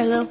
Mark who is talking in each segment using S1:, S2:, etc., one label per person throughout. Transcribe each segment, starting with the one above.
S1: Hello.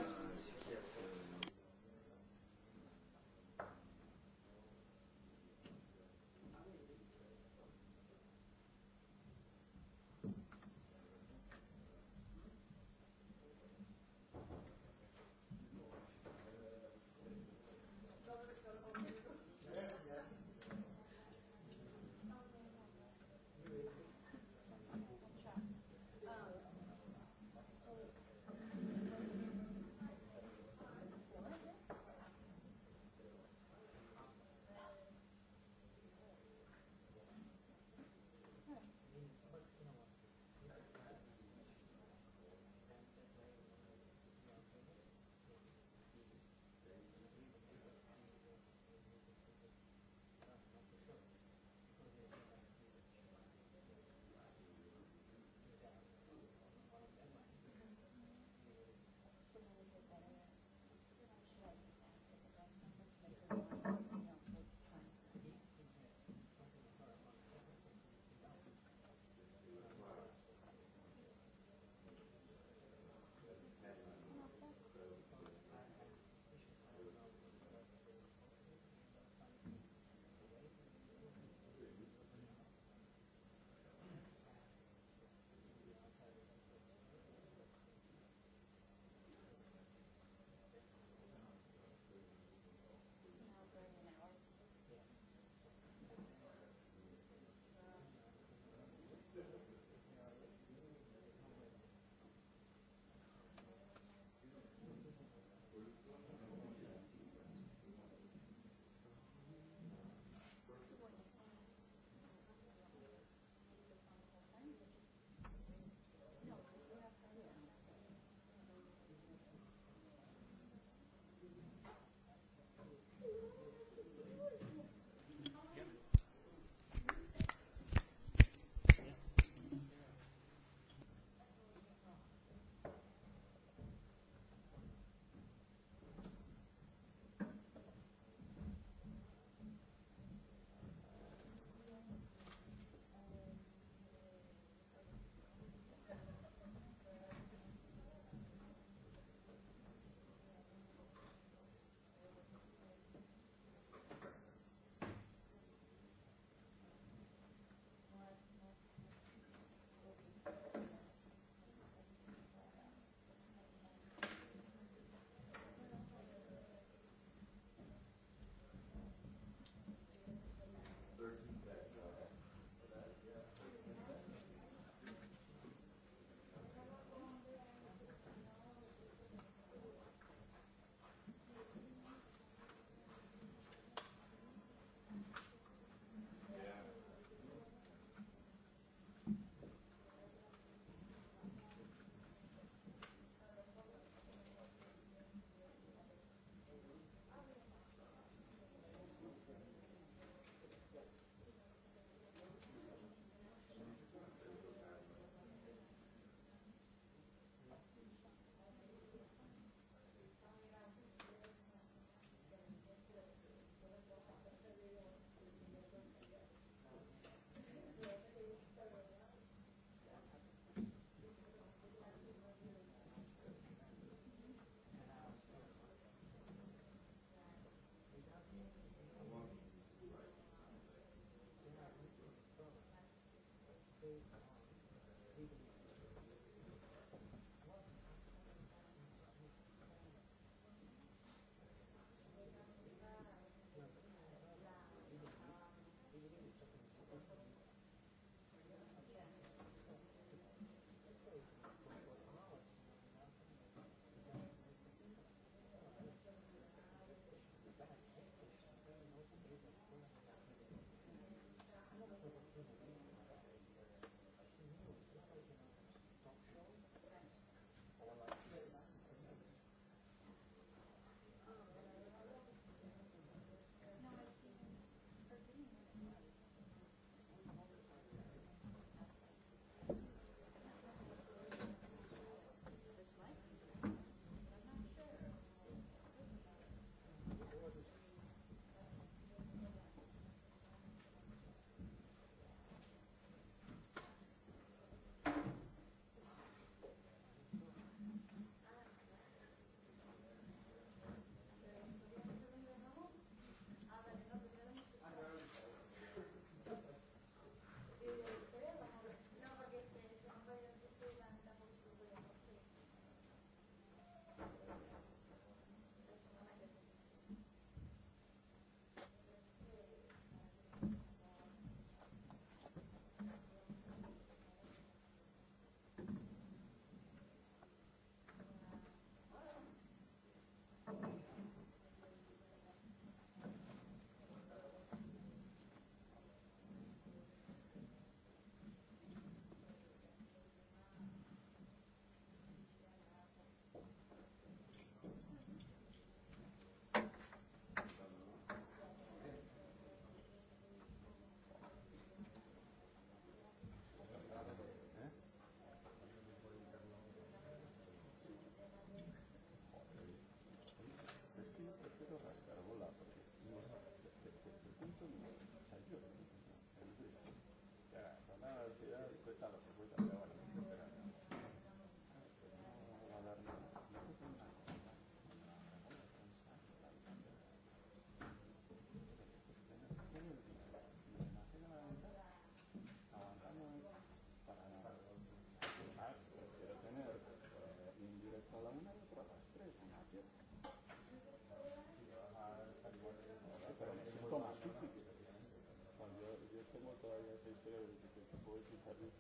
S2: todavía esa historia del que se puede utilizar el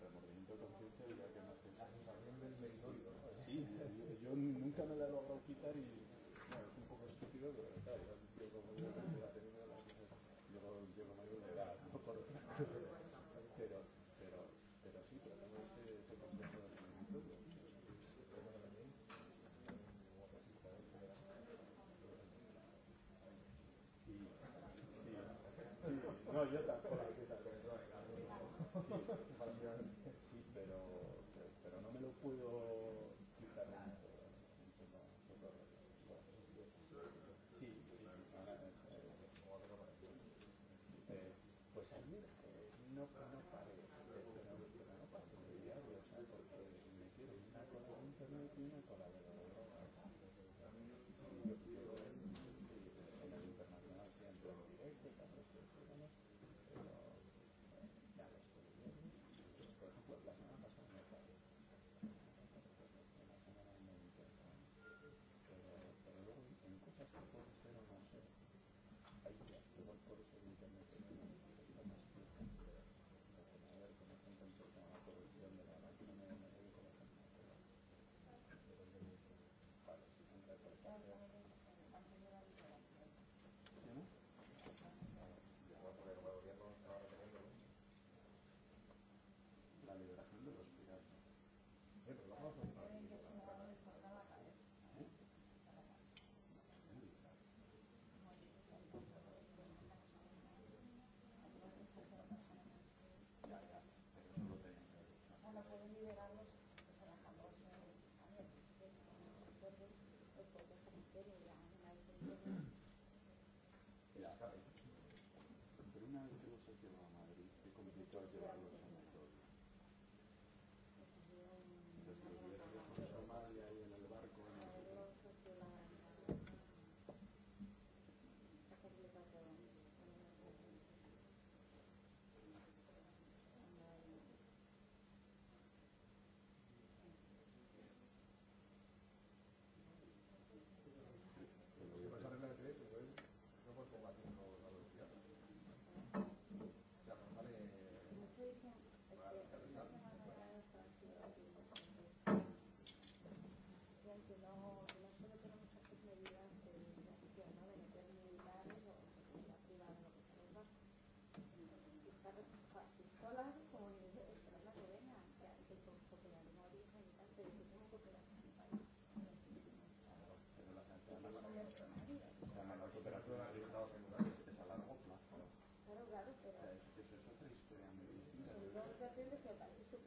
S2: remordimiento de conciencia ya que no hace Sí, yo, yo nunca me la he logrado quitar y bueno, es un poco estúpido, pero claro, yo como yo la tengo, yo lo mayor de edad, ¿no? no, no pare, pero, pero no pasa de diario, o sea, porque me quiero una cosa, un servicio y una colaboradora.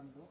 S2: trabajando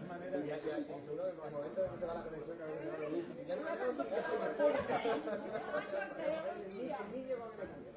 S2: las maneras. Y aquí al consulado, en el momento que se va la conexión, que a veces se va lo mismo. Ya no me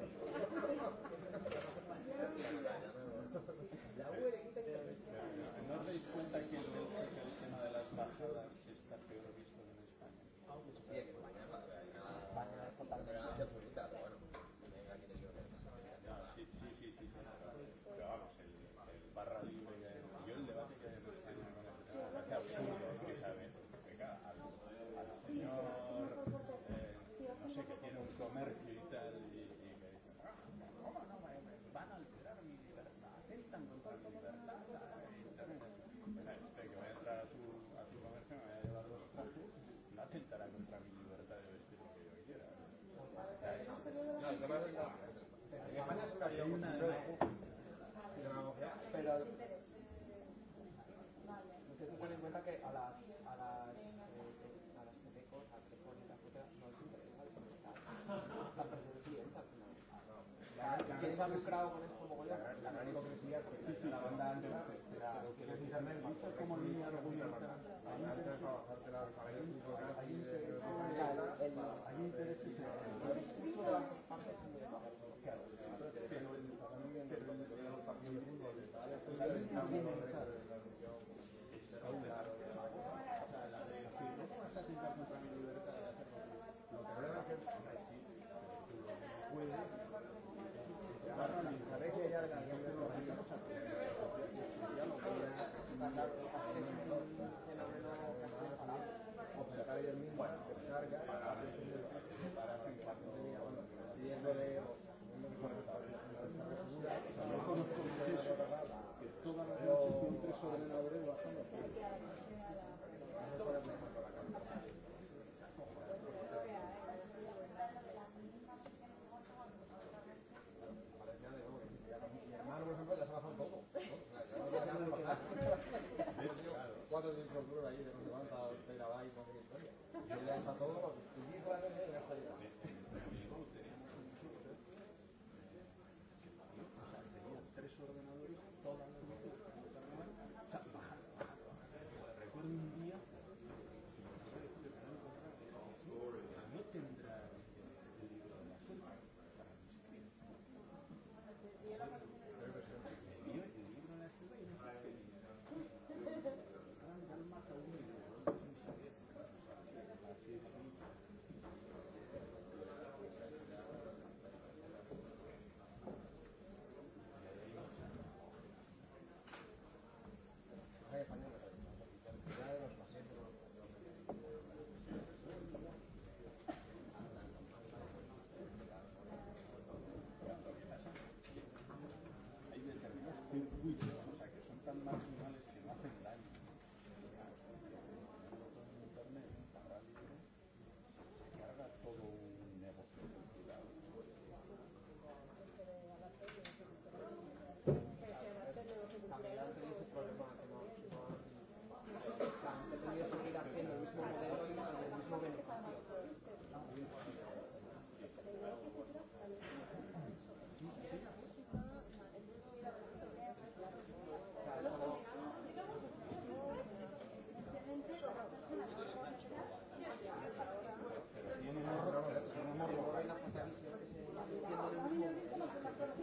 S2: Sam Crown es como goleador. La gran hipocresía es que sí, sí. la banda ancha será precisamente muchas como línea argumental. La banda ancha es para bajarte la para ir un poco más allí de Hay intereses en el discurso de las partes pero el partido del mundo está Gracias a todos.
S3: Thank you.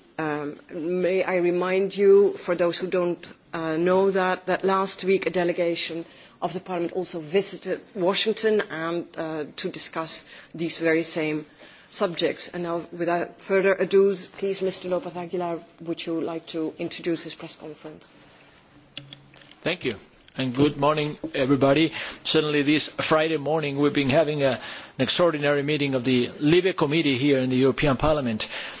S3: Um, may I remind you, for those who don't uh, know that, that last week a delegation of the Parliament also visited Washington and uh, to discuss these very same subjects. And now, without further ado, please, Mr. Lopez Aguilar, would you like to introduce this press conference?
S4: Thank you and good morning everybody. Certainly this Friday morning we've been having a, an extraordinary meeting of the LIBE committee here in the European Parliament. Uh,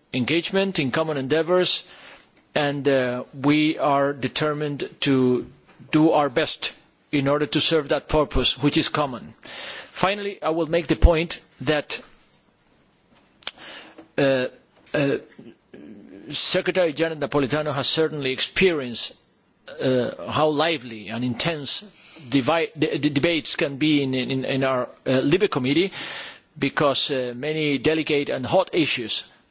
S4: engagement, in common endeavours, and uh, we are determined to do our best in order to serve that purpose, which is common. Finally, I will make the point that uh, uh, Secretary Janet Napolitano has certainly experienced uh, how lively and intense divide, d d debates can be in, in, in our uh, Libre Committee because uh, many delicate and hot issues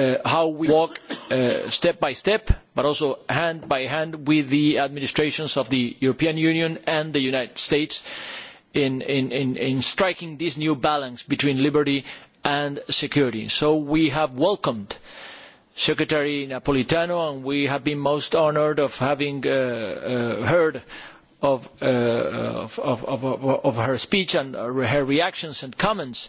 S4: uh, how we walk uh, step by step, but also hand by hand with the administrations of the European Union and the United States in, in, in, in striking this new balance between liberty and security. So we have welcomed Secretary Napolitano, and we have been most honored of having uh, uh, heard of, uh, of, of, of, of her speech and her reactions and comments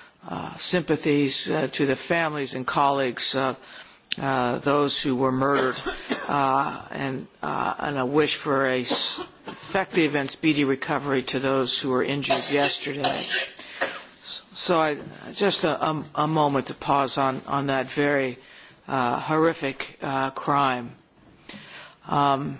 S5: uh, sympathies uh, to the families and colleagues of uh, uh, those who were murdered uh, and, uh, and a wish for a s- effective and speedy recovery to those who were injured yesterday. So I, just a, a, um, a moment to pause on, on that very uh, horrific uh, crime. Um,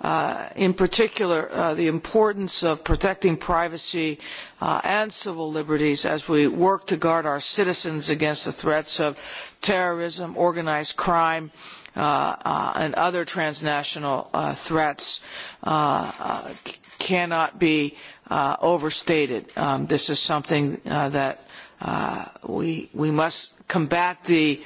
S5: uh, in particular uh, the importance of protecting privacy uh, and civil liberties as we work to guard our citizens against the threats of terrorism, organized crime, uh, uh, and other transnational uh, threats uh, uh, cannot be uh, overstated. Um, this is something uh, that uh, we, we must combat the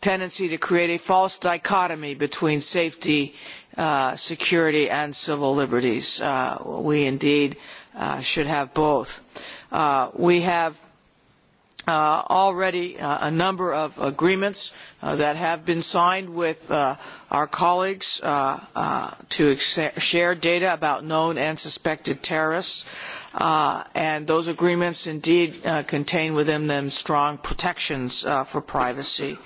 S5: tendency to create a false dichotomy between safety uh, uh, security and civil liberties. Uh, we indeed uh, should have both. Uh, we have uh, already uh, a number of agreements uh, uh, that have been signed with uh, our colleagues uh, uh, to share data about known and suspected terrorists. Uh, and those agreements indeed uh, contain within them strong protections uh, for privacy.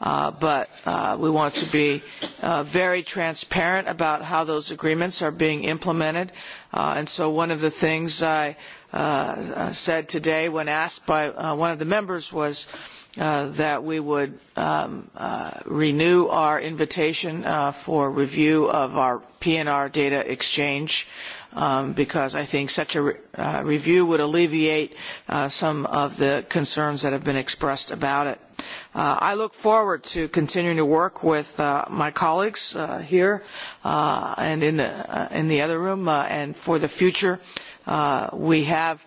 S5: Uh, but uh, we want to be uh, very transparent about how those agreements are being implemented. Uh, and so one of the things I uh, said today when asked by uh, one of the members was, uh, uh, that we would um, uh, renew our invitation uh, for review of our PNR data exchange um, because I think such a re uh, review would alleviate uh, some of the concerns that have been expressed about it. Uh, I look forward to continuing to work with uh, my colleagues uh, here uh, and in the, uh, in the other room uh, and for the future. Uh, we have uh,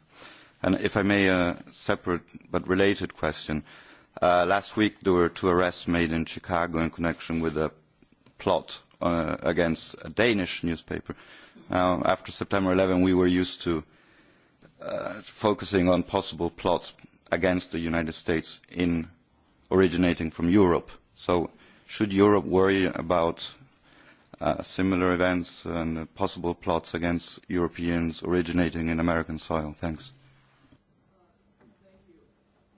S1: And if I may, a separate but related question. Uh, last week there were two arrests made in Chicago in connection with a plot uh, against a Danish newspaper. Now, after September 11, we were used to uh, focusing on possible plots against the United States in originating from Europe. So should Europe worry about uh, similar events and possible plots against Europeans originating
S5: in American soil? Thanks.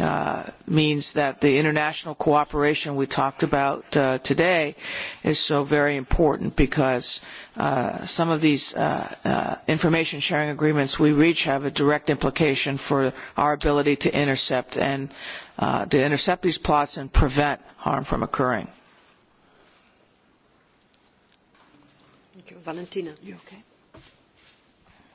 S5: uh, means that the international cooperation we talked about uh, today is so very important because uh, some of these uh, uh, information sharing agreements we reach have a direct implication for our ability to intercept and uh, to intercept these plots and prevent harm from occurring.
S3: Thank you. Valentina, you okay?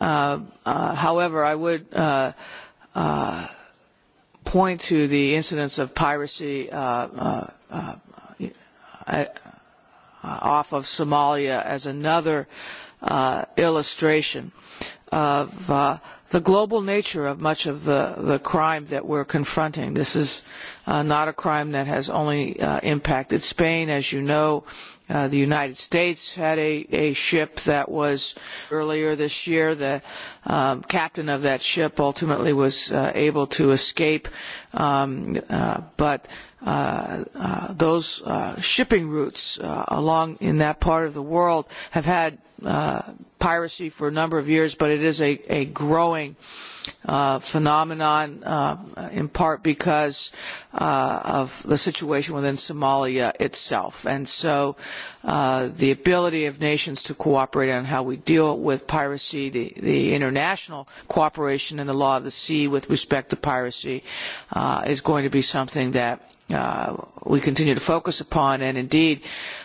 S5: Uh, uh, however, I would uh, uh, point to the incidence of piracy uh, uh, uh, I, uh, off of Somalia as another uh, illustration of uh, the global nature of much of the, the crime that we're confronting. This is uh, not a crime that has only uh, impacted Spain. As you know, uh, the United States had a, a ship that was earlier this year. The um, captain of that ship ultimately was uh, able to escape Um, uh, but uh, uh, those uh, shipping routes uh, along in that part of the world have had uh, piracy for a number of years, but it is a, a growing uh, uh, phenomenon, uh, in part because uh, of the situation within Somalia itself. And so uh, the ability of nations to cooperate on how we deal with piracy, the, the international cooperation in the law of the sea with respect to piracy uh, is going to be something that uh, we continue to focus upon. And indeed, uh,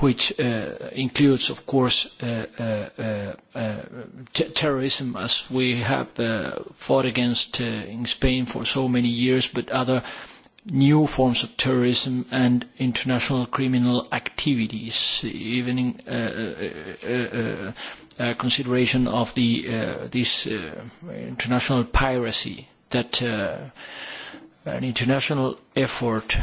S4: which uh, includes, of course, uh, uh, uh, uh t terrorism, as we have uh, fought against uh, in Spain for so many years, but other new forms of terrorism and international criminal activities, even in uh, uh, uh, uh, uh consideration of the uh, this uh, international piracy that uh, an international effort uh,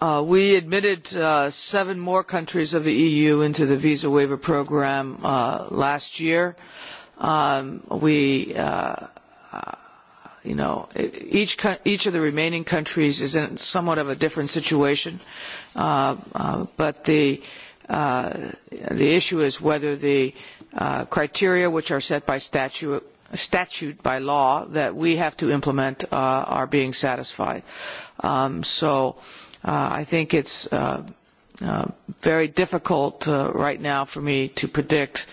S5: Uh, we admitted uh, seven more countries of the EU into the visa waiver program uh, last year. Um, we, uh, uh you know, e, each each of the remaining countries is in somewhat of a different situation, uh, uh, but the uh, the issue is whether the uh, criteria which are set by statute statute by law that we have to implement uh, are being satisfied. Um, so. Uh, Uh, I think it's uh, uh, very difficult uh, right now for me to predict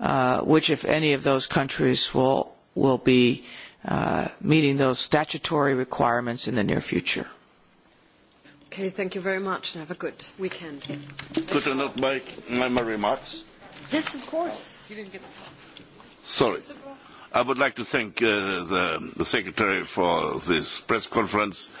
S5: uh, which, if any, of those countries will will be uh, meeting those statutory requirements in the near future.
S3: Okay, thank you very much, and have a good weekend.
S5: Could
S1: I not make my, my remarks?
S5: Yes, of course. You didn't get the time.
S1: Sorry. I would like to thank uh, the, the Secretary for this press conference. Uh,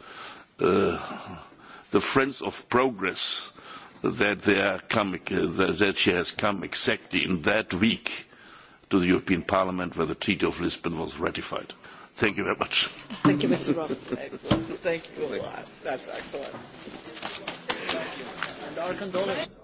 S1: uh, the friends of progress that, they are coming, uh, that she has come exactly in that week to the European Parliament where the Treaty of Lisbon was ratified. Thank you very much. Thank you, Mr. Roth.
S5: Thank you a lot. That's excellent.
S4: And our condolences.